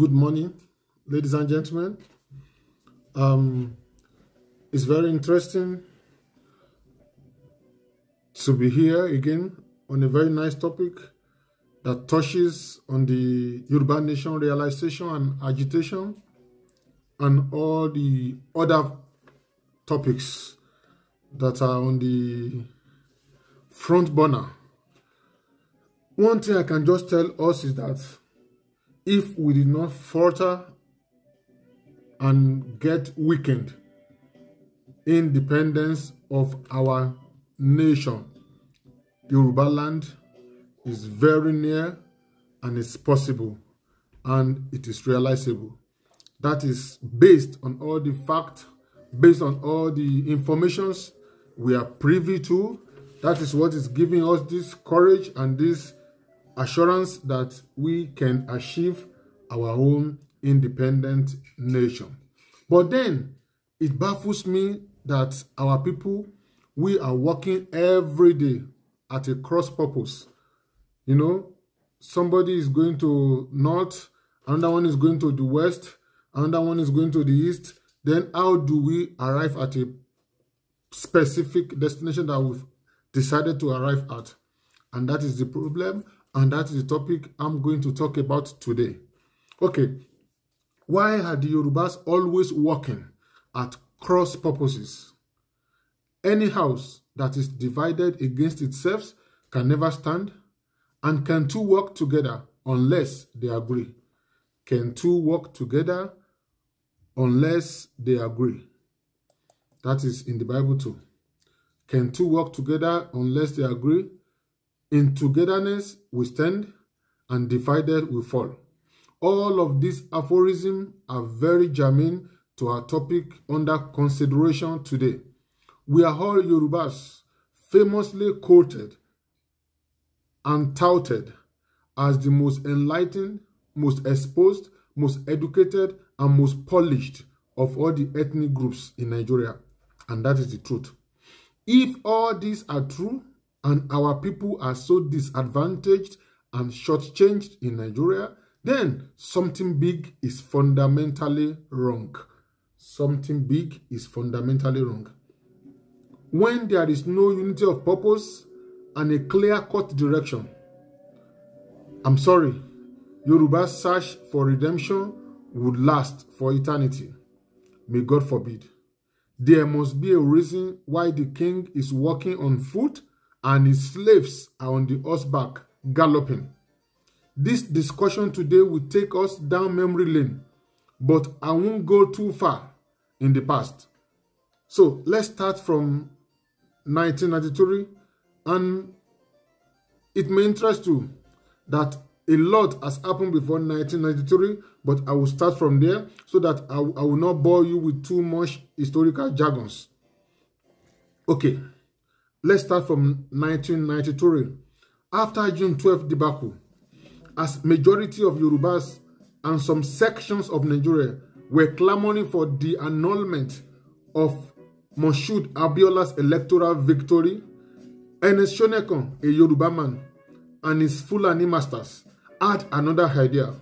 Good morning, ladies and gentlemen. Um, it's very interesting to be here again on a very nice topic that touches on the urban nation realization and agitation and all the other topics that are on the front burner. One thing I can just tell us is that if we did not falter and get weakened independence of our nation. Yoruba land is very near and it's possible and it is realizable. That is based on all the facts, based on all the informations we are privy to. That is what is giving us this courage and this assurance that we can achieve our own independent nation. But then it baffles me that our people, we are working every day at a cross purpose. You know, somebody is going to north, another one is going to the west, another one is going to the east. Then how do we arrive at a specific destination that we've decided to arrive at? And that is the problem and that is the topic I'm going to talk about today. Okay, why are the Yorubas always working at cross purposes? Any house that is divided against itself can never stand, and can two work together unless they agree? Can two work together unless they agree? That is in the Bible too. Can two work together unless they agree? In togetherness we stand, and divided we fall. All of these aphorisms are very germane to our topic under consideration today. We are all Yorubas, famously quoted and touted as the most enlightened, most exposed, most educated, and most polished of all the ethnic groups in Nigeria. And that is the truth. If all these are true, and our people are so disadvantaged and shortchanged in Nigeria, then something big is fundamentally wrong. Something big is fundamentally wrong. When there is no unity of purpose and a clear-cut direction, I'm sorry, Yoruba's search for redemption would last for eternity. May God forbid. There must be a reason why the king is walking on foot and his slaves are on the horseback galloping. This discussion today will take us down memory lane, but I won't go too far in the past. So let's start from 1993, and it may interest you that a lot has happened before 1993, but I will start from there so that I, I will not bore you with too much historical jargons. Okay. Let's start from 1992. After June 12 debacle, as majority of Yorubas and some sections of Nigeria were clamoring for the annulment of Moshood Abiola's electoral victory, Ernest Shonekon, a Yoruba man, and his Fulani masters had another idea,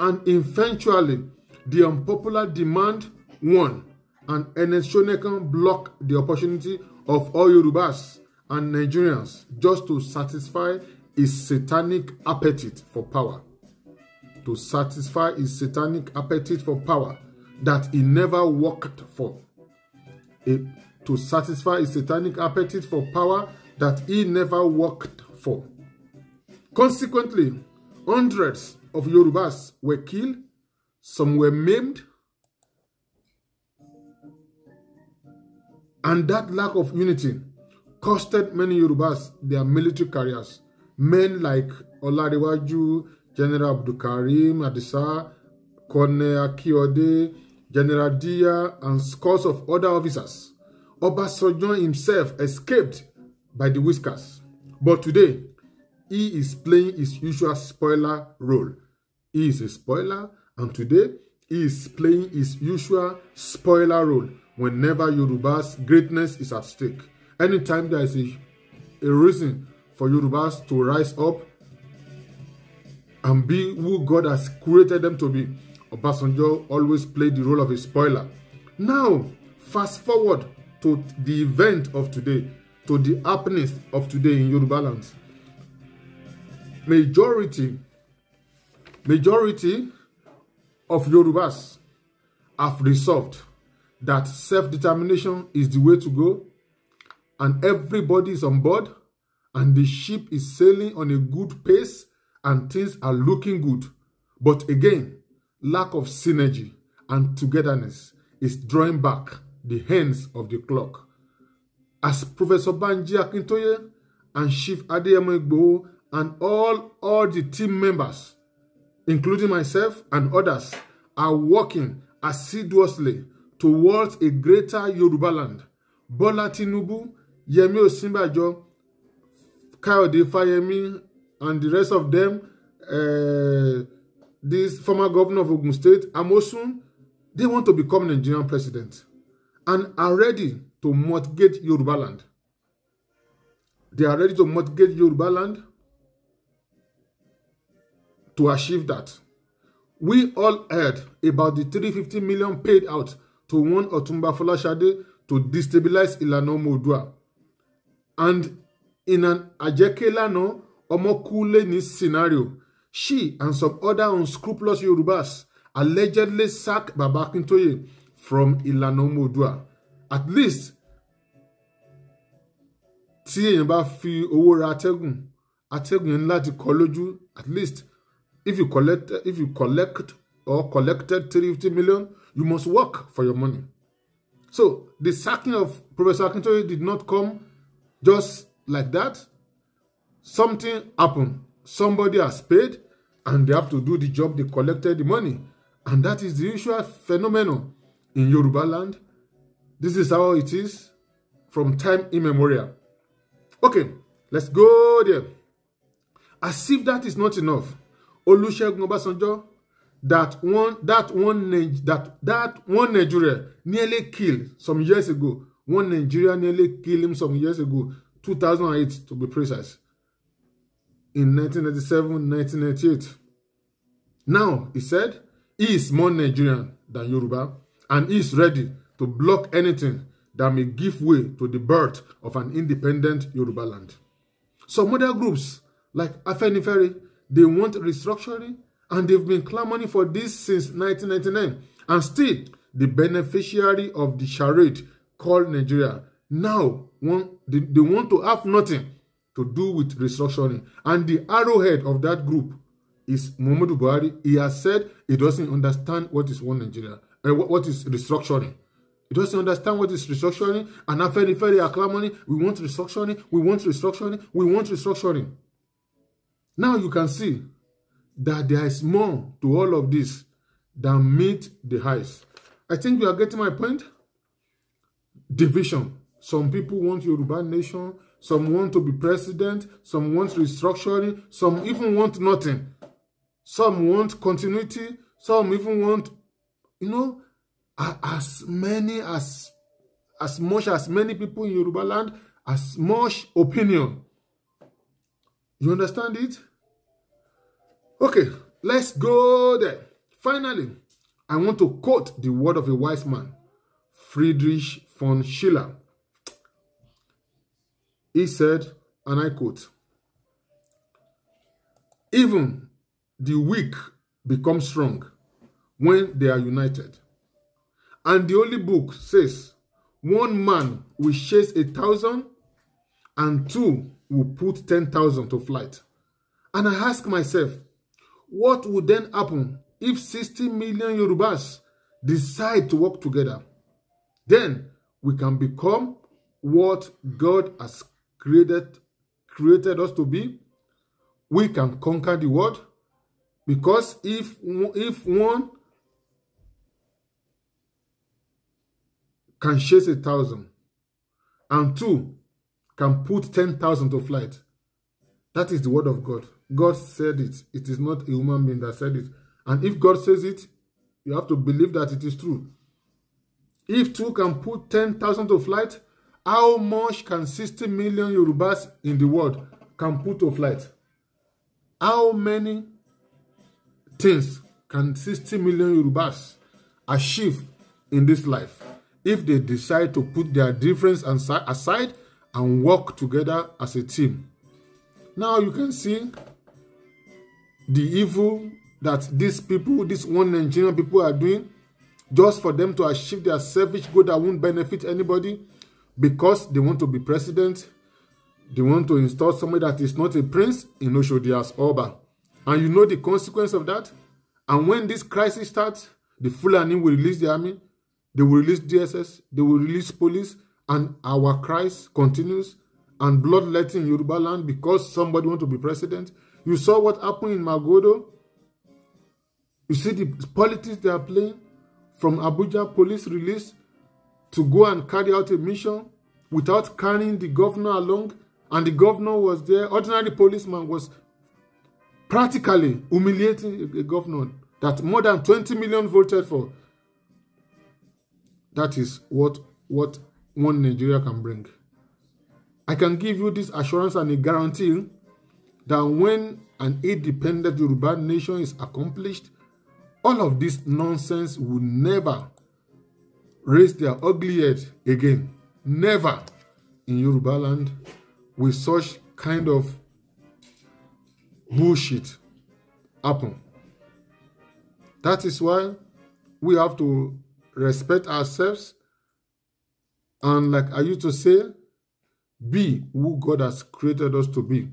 and eventually the unpopular demand won, and Ernest Shonekon blocked the opportunity of all Yorubas and Nigerians just to satisfy his satanic appetite for power. To satisfy his satanic appetite for power that he never worked for. A, to satisfy his satanic appetite for power that he never worked for. Consequently, hundreds of Yorubas were killed, some were maimed, And that lack of unity costed many Yorubas their military careers. Men like Olariwaju, General Abdukarim, Adisa, Kone Akiode, General Dia, and scores of other officers. Obasanjo himself escaped by the whiskers. But today, he is playing his usual spoiler role. He is a spoiler, and today, he is playing his usual spoiler role whenever Yoruba's greatness is at stake. Anytime there is a, a reason for Yorubas to rise up and be who God has created them to be, Obasanjo always played the role of a spoiler. Now, fast forward to the event of today, to the happenings of today in Yoruba lands. Majority, majority of Yorubas have resolved that self-determination is the way to go and everybody is on board and the ship is sailing on a good pace and things are looking good. But again, lack of synergy and togetherness is drawing back the hands of the clock. As Professor Banji Akintoye and Chief Adeyemo Igboho and all, all the team members, including myself and others, are working assiduously towards a greater Yoruba land. Bola Tinubu, Yemi Osinbajo, Kayode Fayemi, and the rest of them, uh, this former governor of Ogun State, Amosun, they want to become Nigerian president and are ready to mortgage Yoruba land. They are ready to mortgage Yoruba land to achieve that. We all heard about the 350 million paid out to warn Otumba Folashade to destabilize Ilana Ọmọ And in an Ajeke Ilana Omokuleni scenario, she and some other unscrupulous Yorubas allegedly sacked Baba Akintoye from Ilana Ọmọ At least, tí èèyàn bá fi owó ra atẹ́gùn atẹ́gùn yẹn láti kọ́ lójú at least if you collect if you collect or collected three fifty million You must work for your money. So the sacking of Professor Akintoye did not come just like that. Something happened. Somebody has paid and they have to do the job they collected the money. And that is the usual phenomenon in Yoruba land. This is how it is from time immemorial. Okay, let's go there. As if that is not enough, Olusegun Obasanjo that one that one that that one Nigeria nearly killed some years ago. One Nigeria nearly killed him some years ago, 2008 to be precise. In 1997, 1998. Now he said he is more Nigerian than Yoruba, and he is ready to block anything that may give way to the birth of an independent Yoruba land. Some other groups like Afenifere, they want restructuring and they've been clamoring for this since 1999. And still, the beneficiary of the charade called Nigeria now want, they, they want to have nothing to do with restructuring. And the arrowhead of that group is Muhammadu Buhari. He has said he doesn't understand what is one Nigeria, uh, what, what is restructuring. He doesn't understand what is restructuring. And Afenifere are clamoring, we want restructuring, we want restructuring, we want restructuring. Now you can see that there is more to all of this than meet the eyes. I think you are getting my point. Division. Some people want Yoruba nation. Some want to be president. Some want restructuring. Some even want nothing. Some want continuity. Some even want, you know, as many as as much as many people in Yoruba land, as much opinion. You understand it? Okay, let's go there. Finally, I want to quote the word of a wise man, Friedrich von Schiller. He said, and I quote, Even the weak become strong when they are united. And the Holy Book says, One man will chase a thousand, and two will put ten thousand to flight. And I ask myself, What would then happen if 60 million Yorubas decide to work together? Then we can become what God has created, created us to be. We can conquer the world because if, if one can chase a thousand and two can put 10,000 to flight, That is the word of God. God said it. It is not a human being that said it. And if God says it, you have to believe that it is true. If two can put 10,000 to flight, how much can 60 million Yorubas in the world can put to flight? How many things can 60 million Yorubas achieve in this life if they decide to put their difference aside and work together as a team? Now you can see the evil that these people, these one Nigerian people are doing just for them to achieve their selfish good that won't benefit anybody because they want to be president. They want to install somebody that is not a prince in Oshodi as Oba. And you know the consequence of that? And when this crisis starts, the Fulani will release the army, they will release DSS, they will release police, and our crisis continues and bloodletting in Yoruba land because somebody want to be president. You saw what happened in Magodo. You see the politics they are playing from Abuja police release to go and carry out a mission without carrying the governor along. And the governor was there. Ordinary policeman was practically humiliating a governor that more than 20 million voted for. That is what, what one Nigeria can bring. I can give you this assurance and a guarantee that when an independent Yoruba nation is accomplished, all of this nonsense will never raise their ugly head again. Never in Yoruba land will such kind of bullshit happen. That is why we have to respect ourselves. And like I used to say, be who God has created us to be.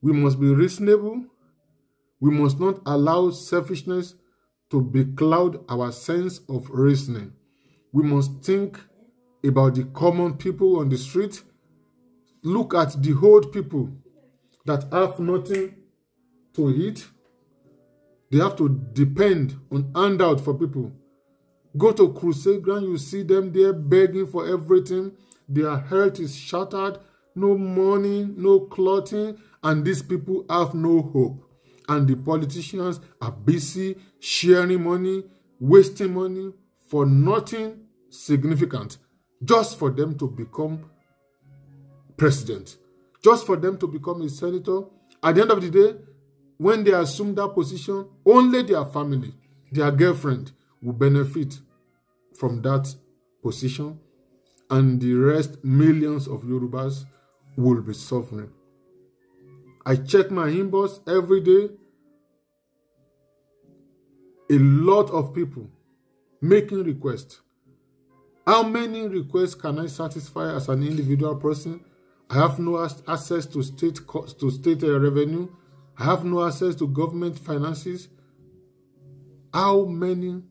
We must be reasonable. We must not allow selfishness to becloud our sense of reasoning. We must think about the common people on the street. Look at the old people that have nothing to eat. They have to depend on handout for people. Go to crusade ground, you see them there begging for everything. Their health is shattered, no money, no clothing, and these people have no hope. And the politicians are busy sharing money, wasting money for nothing significant, just for them to become president, just for them to become a senator. At the end of the day, when they assume that position, only their family, their girlfriend, will benefit from that position and the rest millions of Yorubas will be suffering. I check my inbox every day. A lot of people making requests. How many requests can I satisfy as an individual person? I have no access to state to state uh, revenue. I have no access to government finances. How many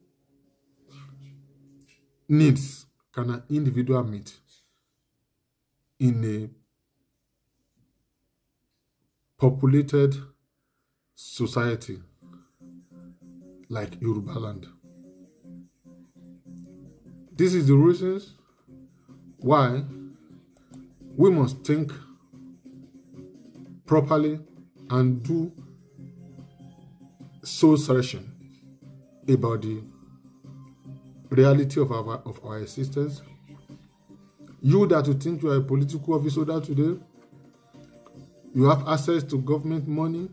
needs can an individual meet in a populated society like Yoruba land? This is the reasons why we must think properly and do soul selection about the reality of our, of our existence. You that you think you are a political officer today, you have access to government money,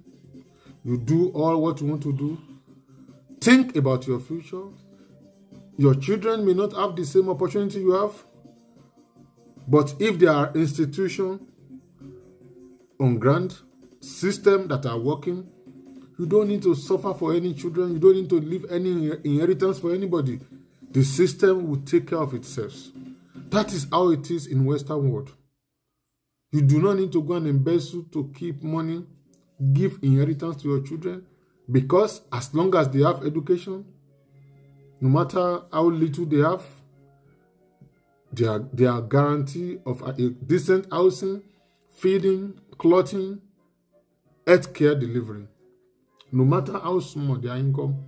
you do all what you want to do. Think about your future. Your children may not have the same opportunity you have, but if there are institutions on grant system that are working, you don't need to suffer for any children. You don't need to leave any inheritance for anybody. The system will take care of itself. That is how it is in Western world. You do not need to go and embezzle to keep money, give inheritance to your children, because as long as they have education, no matter how little they have, they are, they are guaranteed of a, a decent housing, feeding, clothing, health care delivery. No matter how small their income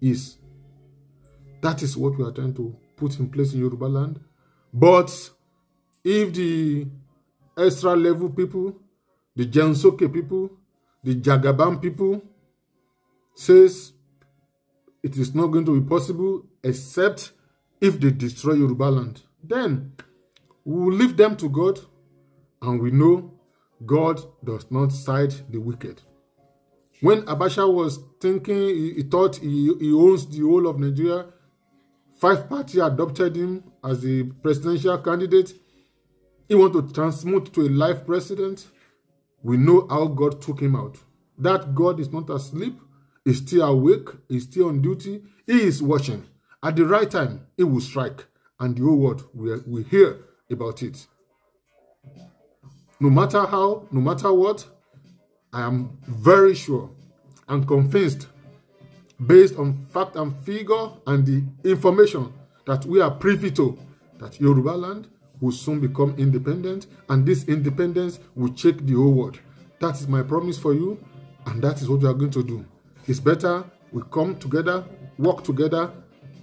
is, That is what we are trying to put in place in Yoruba land. But if the extra level people, the Jansoke people, the Jagaban people says it is not going to be possible except if they destroy Yoruba land. Then we will leave them to God and we know God does not side the wicked. When Abacha was thinking, he, he thought he, he owns the whole of Nigeria, Five party adopted him as the presidential candidate. He want to transmute to a life president. We know how God took him out. That God is not asleep. He's still awake. He's still on duty. He is watching. At the right time, he will strike. And the whole world will, will hear about it. No matter how, no matter what, I am very sure and convinced based on fact and figure and the information that we are privy to that Yoruba land will soon become independent and this independence will shake the whole world. That is my promise for you and that is what we are going to do. It's better we come together, work together,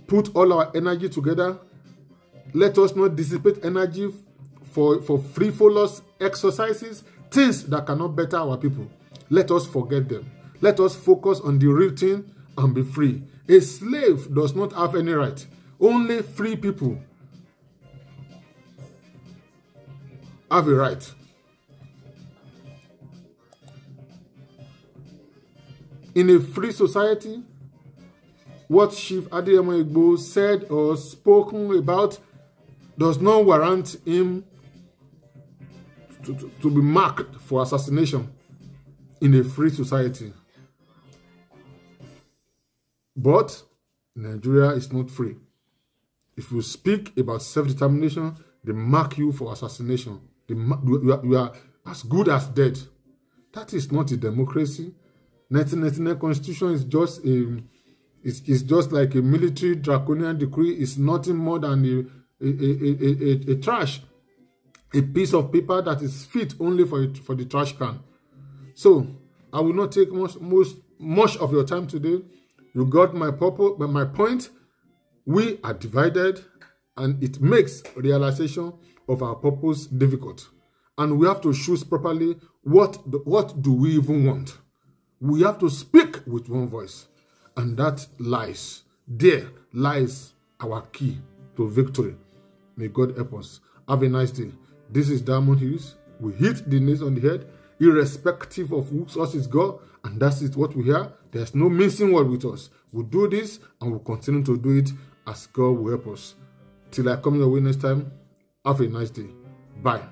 put all our energy together. Let us not dissipate energy for, for frivolous exercises, things that cannot better our people. Let us forget them. Let us focus on the real thing and be free. A slave does not have any right. Only free people have a right. In a free society, what Chief Adeyemo Igboho said or spoken about does not warrant him to, to, to be marked for assassination in a free society. But Nigeria is not free. If you speak about self-determination, they mark you for assassination. They you, are, you are as good as dead. That is not a democracy. 1999 constitution is just a it's, it's just like a military draconian decree. It's nothing more than a, a, a, a, a, a trash, a piece of paper that is fit only for it, for the trash can. So I will not take much most much of your time today. You got my purpose, but my point, we are divided and it makes realization of our purpose difficult. And we have to choose properly what, what do we even want. We have to speak with one voice. And that lies. There lies our key to victory. May God help us. Have a nice day. This is Diamond Hills. We hit the nails on the head, irrespective of whose source is God, and that's it what we hear. There's no missing word with us. We'll do this and we'll continue to do it as God will help us. Till I come your way next time, have a nice day. Bye.